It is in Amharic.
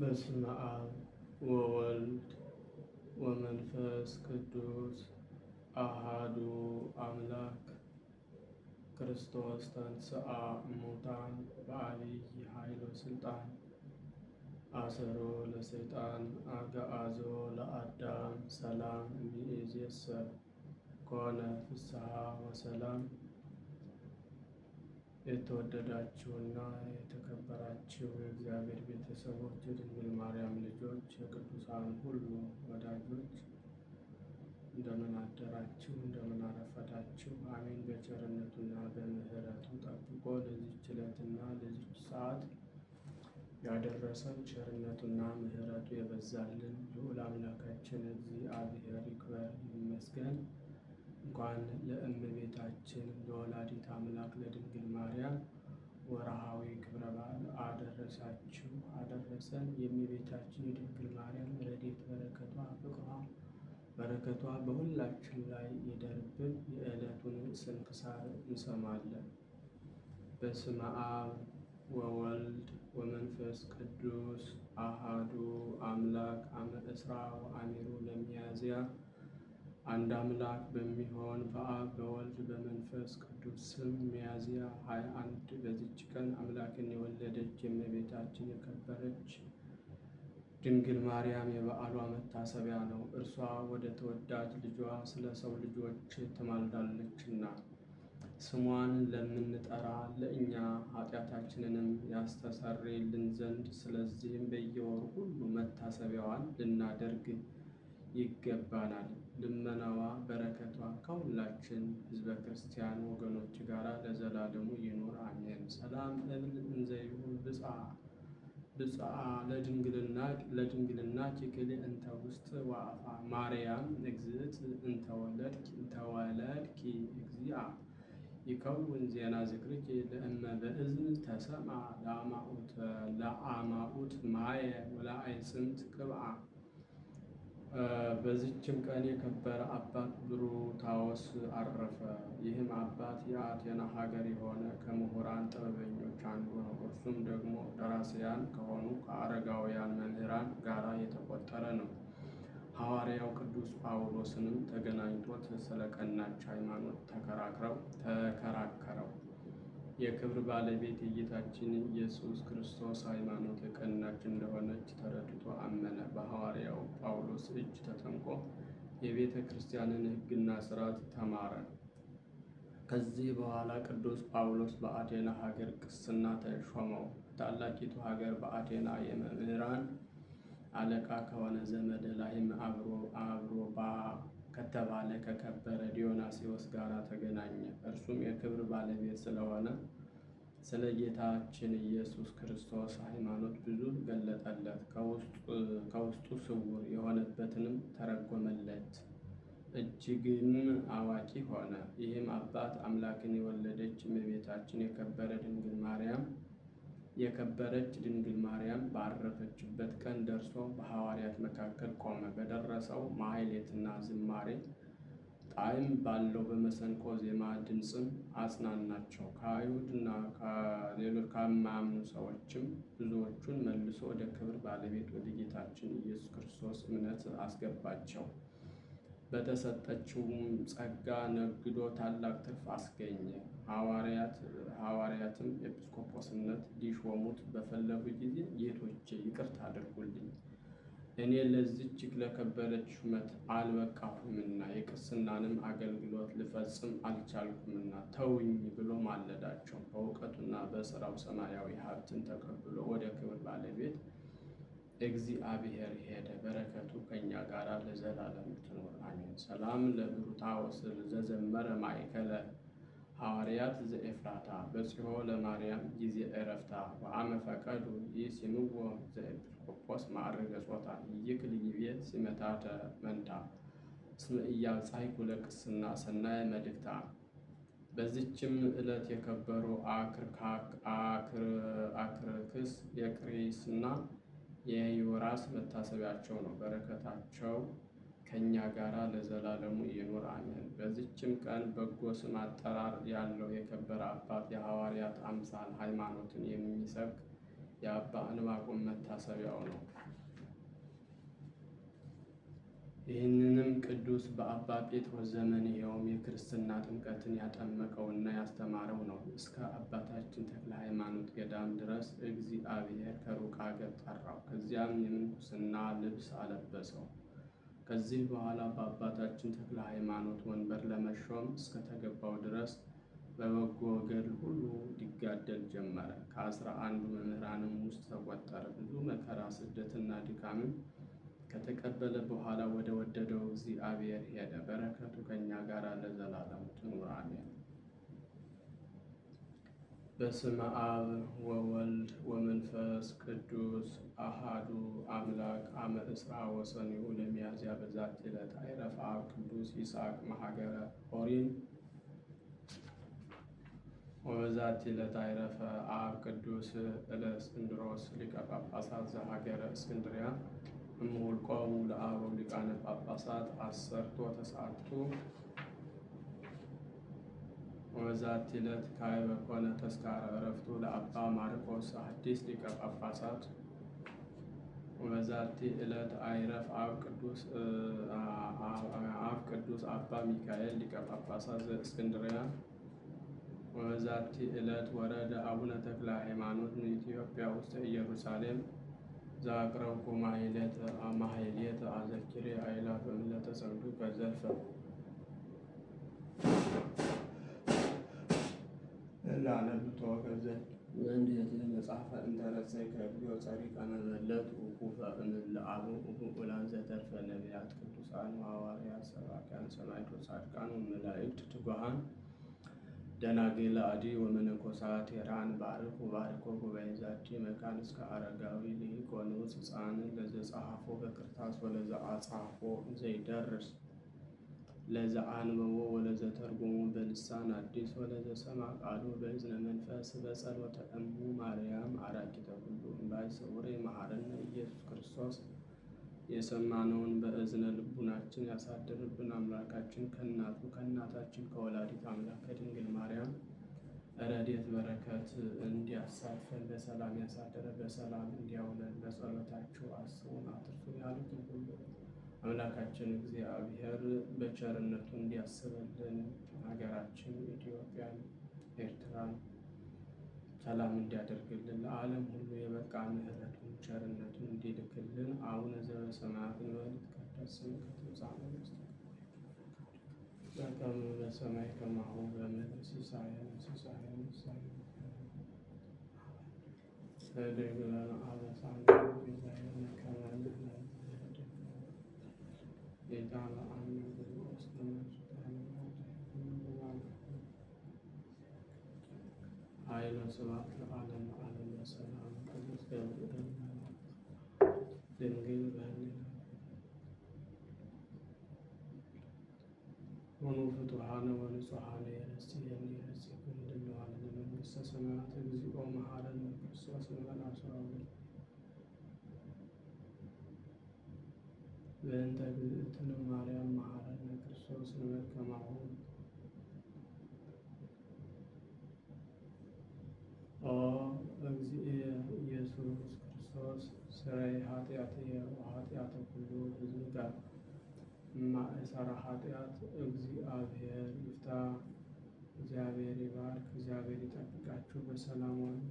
በስመ አብ ወወልድ ወመንፈስ ቅዱስ አሃዱ አምላክ ክርስቶስ ተንሥአ እሙታን በዓቢይ ኃይል ወሥልጣን አሰሮ ለሰይጣን አግዓዞ ለአዳም ሰላም እምይእዜሰ ኮነ ፍስሐ ወሰላም የተወደዳችሁና የተከበራችሁ የእግዚአብሔር ቤተሰቦች፣ የድንግል ማርያም ልጆች፣ የቅዱሳን ሁሉ ወዳጆች እንደምን አደራችሁ? እንደምን አረፈዳችሁ? አሜን። በቸርነቱና በምሕረቱ ጠብቆ ለዚች ዕለትና ለዚች ሰዓት ያደረሰን ቸርነቱና ምሕረቱ የበዛልን ልዑል አምላካችን እግዚአብሔር ይክበር ይመስገን። እንኳን ለእመቤታችን ለወላዲት አምላክ ለድንግል ማርያም ወርሃዊ ክብረ በዓል አደረሳችሁ አደረሰን። የእመቤታችን የድንግል ማርያም ረድኤት በረከቷ ፍቅሯ በረከቷ በሁላችን ላይ ይደርብን። የዕለቱን ስንክሳር እንሰማለን። በስመ አብ ወወልድ ወመንፈስ ቅዱስ አሃዱ አምላክ አመ ዕስራ ወአሚሩ ለሚያዝያ አንድ አምላክ በሚሆን በአብ በወልድ በመንፈስ ቅዱስ ስም ሚያዝያ 21 በዚች ቀን አምላክን የወለደች የእመቤታችን የከበረች ድንግል ማርያም የበዓሏ መታሰቢያ ነው። እርሷ ወደ ተወዳጅ ልጇ ስለ ሰው ልጆች ትማልዳለችና ስሟን ለምንጠራ ለእኛ ኃጢአታችንንም ያስተሰርይልን ዘንድ ስለዚህም በየወሩ ሁሉ መታሰቢያዋን ልናደርግ ይገባናል። ልመናዋ በረከቷ ከሁላችን ሕዝበ ክርስቲያን ወገኖች ጋር ለዘላለሙ ይኑር አሜን። ሰላም ለምን እንዘይሁን ብጽአ ለድንግልና ኪክል እንተ ውስጥ ወአፋ ማርያም እግዝእት እንተወለድኪ እንተወለድኪ እግዚአ ይከውን ዜና ዝክርኪ ለእመ በእዝን ተሰማ ለአማኡት ለአማኡት ማየ ወለአይፅምት ቅብአ በዚችም ቀን የከበረ አባት ብሩታዎስ አረፈ። ይህም አባት የአቴና ሀገር የሆነ ከምሁራን ጥበበኞች አንዱ ነው። እርሱም ደግሞ ደራሲያን ከሆኑ ከአረጋውያን መምህራን ጋር የተቆጠረ ነው። ሐዋርያው ቅዱስ ጳውሎስንም ተገናኝቶት ስለ ቀናች ሃይማኖት ተከራክረው ተከራከረው የክብር ባለቤት የጌታችን ኢየሱስ ክርስቶስ ሃይማኖት የቀናች እንደሆነች ተረድቶ አመነ። በሐዋርያው ጳውሎስ እጅ ተጠምቆ የቤተ ክርስቲያንን ሕግና ስርዓት ተማረ። ከዚህ በኋላ ቅዱስ ጳውሎስ በአቴና ሀገር ቅስና ተሾመው። ታላቂቱ ሀገር በአቴና የመምህራን አለቃ ከሆነ ዘመድ ላይም አብሮ አብሮ ከተባለ ከከበረ ዲዮናሲዎስ ጋር ተገናኘ። እርሱም የክብር ባለቤት ስለሆነ ስለ ጌታችን ኢየሱስ ክርስቶስ ሃይማኖት ብዙ ገለጠለት፣ ከውስጡ ስውር የሆነበትንም ተረጎመለት። እጅግም አዋቂ ሆነ። ይህም አባት አምላክን የወለደች እመቤታችን የከበረ ድንግል ማርያም የከበረች ድንግል ማርያም ባረፈችበት ቀን ደርሶ በሐዋርያት መካከል ቆመ። በደረሰው ማሕሌትና ዝማሬ ጣዕም ባለው በመሰንቆ ዜማ ድምፅም አጽናናቸው። ከአይሁድና ከሌሎች ከማያምኑ ሰዎችም ብዙዎቹን መልሶ ወደ ክብር ባለቤት ወደ ጌታችን ኢየሱስ ክርስቶስ እምነት አስገባቸው። በተሰጠችውም ጸጋ ነግዶ ታላቅ ትርፍ አስገኘ። ሐዋርያትም ኤጲስቆጶስነት ሊሾሙት በፈለጉ ጊዜ ጌቶቼ ይቅርታ አድርጉልኝ፣ እኔ ለዚች ለከበረች ሹመት አልበቃሁምና የቅስናንም አገልግሎት ልፈጽም አልቻልኩምና ተውኝ ብሎ ማለዳቸው። በእውቀቱና በሥራው ሰማያዊ ሀብትን ተቀብሎ ወደ ክብር እግዚአብሔር ሄደ። በረከቱ ከእኛ ጋር ለዘላለም ትኖር አሜን። ሰላም ለብሩታወስ ዘዘመረ ማይከለ ሐዋርያት ዘኤፍራታ በጽሆ ለማርያም ጊዜ ዕረፍታ በአመ ፈቀዱ ይሲምዎ ዘኤጲስቆጶስ ማዕረገ ጾታ ይክልይ ቤት ሲመታተ መንታ እስመ ኢያጻሕቁ ለቅስና ሰናየ መልእክታ። በዚችም ዕለት የከበሩ አክርካክ አክርክስ የቅሪስና የዮራስ መታሰቢያቸው ነው። በረከታቸው ከእኛ ጋር ለዘላለሙ ይኑር አሜን። በዚችም ቀን በጎ ስም አጠራር ያለው የከበረ አባት የሐዋርያት አምሳል ሃይማኖትን የሚሰብክ የአባ እንባቆም መታሰቢያው ነው። ይህንንም ቅዱስ በአባ ጴጥሮስ ዘመን ይኸውም የክርስትና ጥምቀትን ያጠመቀውና ያስተማረው ነው። እስከ አባታችን ተክለ ሃይማኖት ገዳም ድረስ እግዚአብሔር ከሩቅ አገር ጠራው። ከዚያም የምንኩስና ልብስ አለበሰው። ከዚህ በኋላ በአባታችን ተክለ ሃይማኖት ወንበር ለመሾም እስከተገባው ድረስ በበጎ ገድል ሁሉ ሊጋደል ጀመረ። ከአስራ አንዱ መምህራንም ውስጥ ተቆጠረ። ብዙ መከራ ስደትና ድካምን ከተቀበለ በኋላ ወደ ወደደው እግዚአብሔር ሄደ። በረከቱ ከእኛ ጋር ለዘላለም ትኑር አሜን። በስመ አብ ወወልድ ወመንፈስ ቅዱስ አሃዱ አምላክ አመ እስራ ወሰኒሁ ለሚያዝያ በዛት ዕለት አይረፈ አብ ቅዱስ ይስሐቅ መሀገረ ኦሪን ወበዛት ዕለት አይረፈ አብ ቅዱስ እለእስክንድሮስ ሊቀ ጳጳሳት ዘሀገረ እስክንድሪያ እምወልቋው ለአበው ሊቃነ ጳጳሳት አሰርቶ ተሳቱ ወዛት ዕለት ካዕበ በኮነ ተስካረ ዕረፍቱ ለአባ ማርቆስ አዲስ ሊቀ ጳጳሳት ወበዛቲ ዕለት አይረፍ አብ ቅዱስ አባ ሚካኤል ሊቀ ጳጳሳት ዘእስክንድርያ ወበዛቲ ዕለት ወረደ አቡነ ተክለ ሃይማኖት ኢትዮጵያ ውስጥ ኢየሩሳሌም ዘአቅረብኩ ማሕሌተ አዘኪሬ አእላፈ ምለተ ጸንዱቀ ዘልፈ ለዓለብቶ ከዘን እንዴት መጽሐፈ እንተረሰይ ከብዮ ጸሪቀ መበለት ውቁፈ እምለአብ ውላን ዘተርፈ ነቢያት ቅዱሳን ሐዋርያት ሰባክያን ሰማዕታት ጻድቃን መላእክት ትጉሃን ደናግል አዲ ወመነኮሳት የራን ባርኩ ባርኮ ጉባኤ ዛቲ መካን እስከ አረጋዊ ሊቆኖስ ሕፃን ለዘጸሐፎ በክርታስ ወለዘ አጻፎ ዘይደርስ ለዘአንበቦ ወለዘ ተርጉሞ በልሳን አዲስ ወለዘ ሰማ ቃሉ በእዝነ መንፈስ በጸሎተ እሙ ማርያም አራቂተ ሁሉ እምባይ ሰውሬ መሐረነ ኢየሱስ ክርስቶስ የሰማነውን በእዝነ ልቡናችን ያሳድርብን። አምላካችን ከእናቱ ከእናታችን ከወላዲት አምላክ ከድንግል ማርያም ረድኤት በረከት እንዲያሳትፈን በሰላም ያሳደረ በሰላም እንዲያውለን በጸሎታችሁ አስቡን አትርሱን ያሉትን ሁሉ አምላካችን እግዚአብሔር በቸርነቱ እንዲያስብልን ሀገራችን ኢትዮጵያን ኤርትራን ሰላም እንዲያደርግልን ለዓለም ሁሉ የበቃ ምሕረቱን ቸርነቱን እንዲልክልን አቡነ ዘበሰማያት ይትቀደስ ስምከ ትምጻእ መንግስትከ በከመ በሰማይ ከማሁ በምድር ሲሳየነ ሲሳየነ ሲሳየነ ስእለነ አበሳነ ወቤዛየነ ከመ ኃይለ ስብሐት ለዓለም ዓለም ሰላም ቅዱስ ገብርኤል ድንግል በህሊና ሁኑ ፍቱሐነ ወንጹሐነ የንስየን የንስኩን ድለዋል ለመንግሥተ ሰማያት እግዚኦ መሐረነ ክርስቶስ በላስራ በእንተ ግዝእትነ ማርያም መሐረነ ክርስቶስ ንበል ከማሁ ስራዬ ኃጢአት ኃጢአት ሁሉ ብዙ ጋር ማእሰራ ኃጢአት እግዚአብሔር ይፍታ። እግዚአብሔር ይባርክ፣ እግዚአብሔር ይጠብቃችሁ። በሰላም ዋሉ።